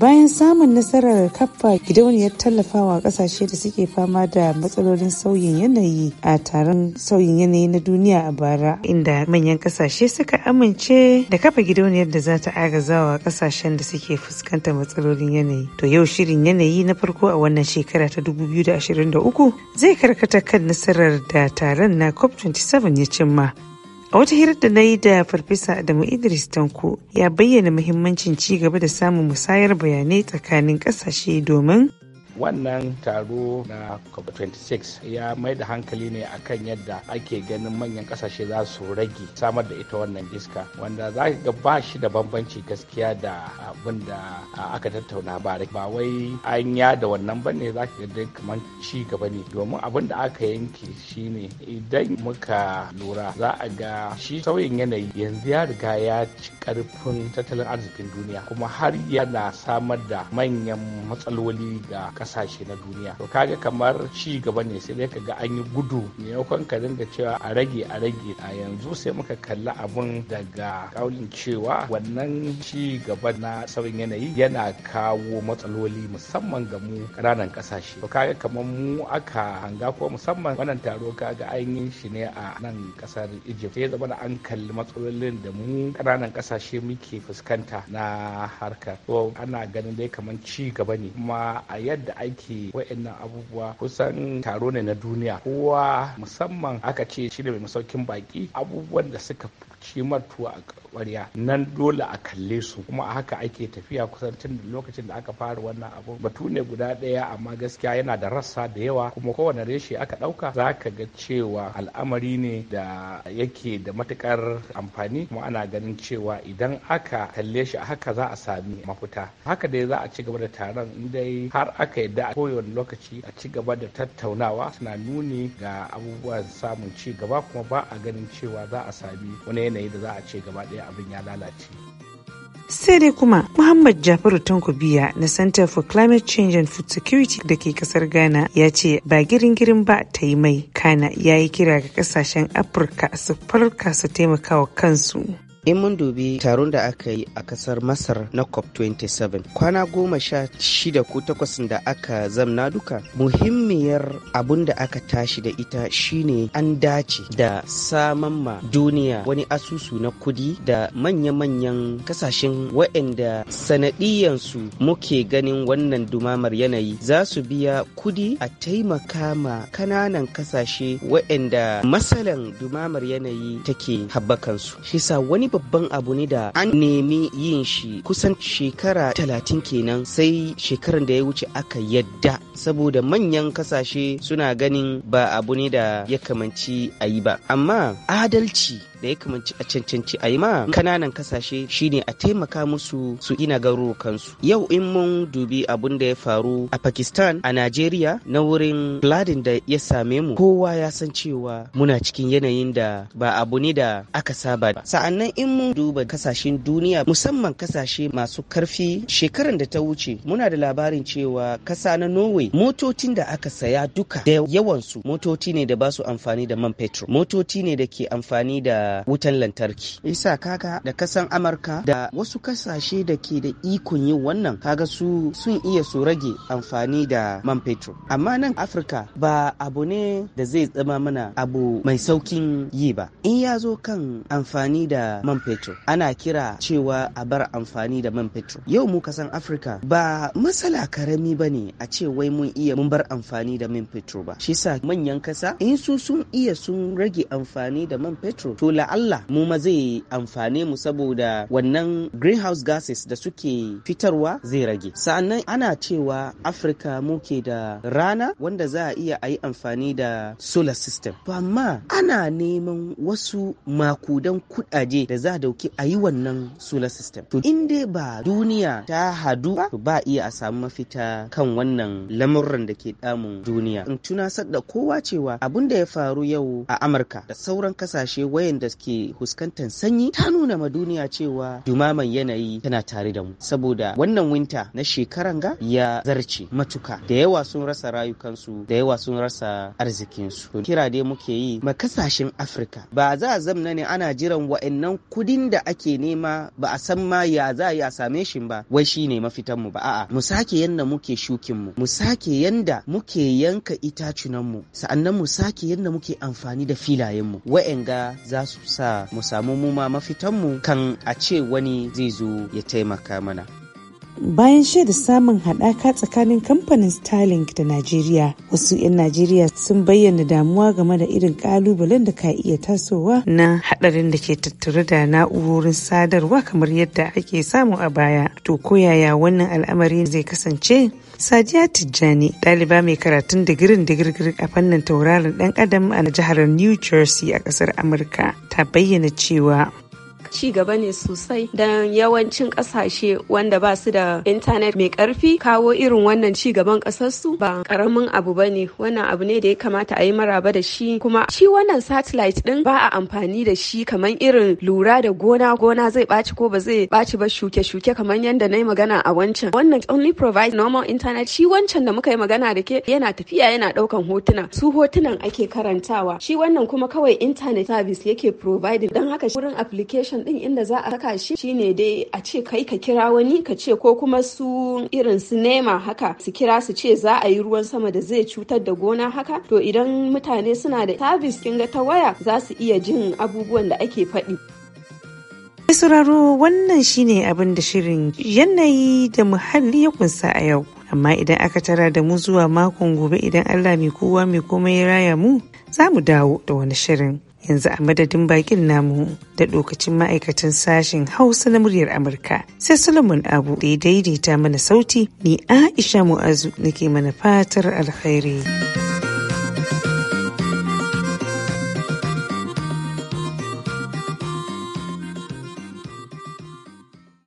bayan samun nasarar kafa gidauniyar tallafawa kasashe da suke fama da matsalolin sauyin yanayi a taron sauyin yanayi na duniya a bara inda manyan kasashe suka amince da kafa gidauniyar da za ta agazawa kasashen da suke fuskantar matsalolin yanayi to yau shirin yanayi na farko a wannan shekara ta 2023 zai karkata kan nasarar da taron na cop 27 ya cimma A wata hirar da na yi da Farfesa Adamu Idris Tanko ya bayyana muhimmancin ci gaba da samun musayar bayanai tsakanin ƙasashe domin wannan taro na cop26 ya mai da hankali ne akan yadda ake ganin manyan kasashe za su rage samar da ita wannan iska wanda za ga ba shi da bambanci gaskiya da abin da aka tattauna ba ba wai an da wannan ba ne za ka ga kamar ci gaba ne domin abin da aka yanke shine idan muka lura za a ga shi sauyin yanayi yanzu ya riga ya ci karfin tattalin arzikin duniya kuma har yana samar da manyan matsaloli ga kasashe na duniya to kaga kamar ci gaba ne sai dai ka ga an yi gudu maimakon ka dinga cewa a rage a rage a yanzu sai muka kalli abun daga kaulin cewa wannan ci gaba na sauyin yanayi yana kawo matsaloli musamman ga mu ƙananan kasashe to kaga kamar mu aka hanga ko musamman wannan taro kaga an yi shi ne a nan kasar Egypt sai zama an kalli matsalolin da mu ƙananan kasashe muke fuskanta na harkar to ana ganin dai kamar ci gaba ne kuma a yadda ake wa'annan abubuwa kusan taro ne na duniya kowa musamman aka ce shi ne mai masaukin baki abubuwan da suka kimar tuwa a kwariya nan dole a kalle su kuma a haka ake tafiya kusan tun da lokacin da aka fara wannan abu batu ne guda ɗaya amma gaskiya yana da rassa da yawa kuma kowane reshe aka ɗauka za ka ga cewa al'amari ne da yake da matukar amfani kuma ana ganin cewa idan aka kalle shi a haka za a sami mafita haka dai za a ci gaba da taron in dai har aka yadda a kowane lokaci a ci gaba da tattaunawa suna nuni ga abubuwan samun ci gaba kuma ba a ganin cewa za a sami wani yanayi da za a ce gaba ɗaya abin ya lalace. sai dai kuma muhammad jafaru biya na center for climate change and food security da ke kasar ghana ya ce ba girin-girin ba ta yi mai kana ya yi kira ga kasashen afirka su farka su taimakawa kansu in mun dubi taron da aka yi a kasar masar na cop 27 kwana goma sha shida ko takwas da aka zamna duka muhimmiyar abun da aka tashi da ita shine an dace da saman ma duniya wani asusu na kudi da manya-manyan kasashen waɗanda sanadiyansu muke ganin wannan dumamar yanayi za su biya kudi a taimaka ma kananan kasashe waɗanda matsalan dumamar yanayi take haɓakansu shi sa wani babban abu ne da an nemi yin shi kusan shekara talatin kenan sai shekaran da ya wuce aka yadda saboda manyan kasashe suna ganin ba abu ne da ya kamanci a yi ba amma adalci da ya kamanci a cancanci a yi ma kananan kasashe shine a taimaka musu su ina garo kansu yau in mun dubi abun da ya faru a pakistan a najeriya na wurin ladin da ya same mu kowa ya san cewa muna cikin yanayin da ba abu ne da aka saba ba sa'annan in mun duba kasashen duniya musamman kasashe masu karfi shekaran da ta wuce muna da labarin cewa kasa na norway motocin da aka saya duka da yawansu motoci ne da ba su amfani da man fetur motoci ne da ke amfani da wutan lantarki isa kaga da kasan amurka da wasu kasashe da ke da ikon yin wannan kaga su sun iya su rage amfani da man fetur amma nan afirka ba abu ne da zai zama mana abu mai saukin yi ba in ya zo kan amfani da man fetur ana kira cewa a bar amfani da man fetur yau mu kasan afirka ba matsala karami ba ne a ce wai mun iya mun bar amfani da man fetur ba shi sa manyan kasa in su sun iya sun rage amfani da man fetur to Allah mu ma zai amfane mu saboda wannan greenhouse gases da suke fitarwa zai rage sa'annan ana cewa afirka muke da rana wanda za a iya a yi amfani da solar system amma ana neman wasu makudan kudaje da za a dauki a yi wannan solar system to in dai ba duniya ta hadu ba ba iya a samu mafita kan wannan lamurran da ke damun duniya in tunasar da kowa cewa abin da ya faru yau a amurka da sauran kasashe wayanda ke fuskantar sanyi ta nuna ma duniya cewa dumaman yanayi tana tare da mu saboda wannan winta na shekaran ga ya zarce matuka da yawa sun rasa rayukansu da yawa sun rasa arzikinsu kira dai muke yi ma kasashen afirka ba za a zamna ne ana jiran wa'annan kudin da ake nema ba a san ma ya za a yi a same shi ba wai shine mafitanmu ba a'a mu sake yanda muke shukinmu mu sake yanda muke yanka itacunanmu sa'annan mu sake yanda muke amfani da filayenmu wa'anga za su sa mu samu mu ma mafitanmu kan a ce wani zai zo ya taimaka mana bayan shaida samun haɗaka tsakanin kamfanin starlink da najeriya wasu 'yan najeriya sun bayyana damuwa game da irin ƙalubalen da ka iya tasowa na haɗarin da ke tattare da na'urorin sadarwa kamar yadda ake samu a baya to koyaya wannan al'amari zai kasance sadiya tijjani ɗaliba mai karatun digirin digirgir a fannin tauraron ɗan adam a jihar new jersey a ƙasar amurka ta bayyana cewa ci gaba ne sosai don yawancin kasashe wanda ba su da intanet mai ƙarfi kawo irin wannan ci gaban su. ba ƙaramin abu ba ne wannan abu ne da ya kamata a yi maraba da shi kuma shi wannan satellite ɗin ba a amfani da shi kamar irin lura da gona gona zai ɓaci ko ba zai ɓaci ba shuke-shuke kamar yadda na yi magana a wancan wannan only provide normal internet shi wancan da muka yi magana da ke yana tafiya yana ɗaukan hotuna su hotunan ake karantawa shi wannan kuma kawai internet service yake providing don haka wurin application ɗin din inda za a saka shi shine dai a ce kai ka kira wani ka ce ko kuma su irin su nema haka su kira su ce za a yi ruwan sama da zai cutar da gona haka to idan mutane suna da sabis kin ga ta waya za su iya jin abubuwan da ake faɗi. sauraro wannan shine abin da shirin yanayi da muhalli ya kunsa a yau amma idan aka tara da mu zuwa makon gobe idan allah mai kowa mai komai ya raya mu za mu dawo da wani shirin. yanzu a madadin bakin namu da lokacin ma'aikatan sashen hausa na muryar amurka sai solomon abu da ya daidaita mana sauti ni aisha mu'azu nake mana fatar alkhairi.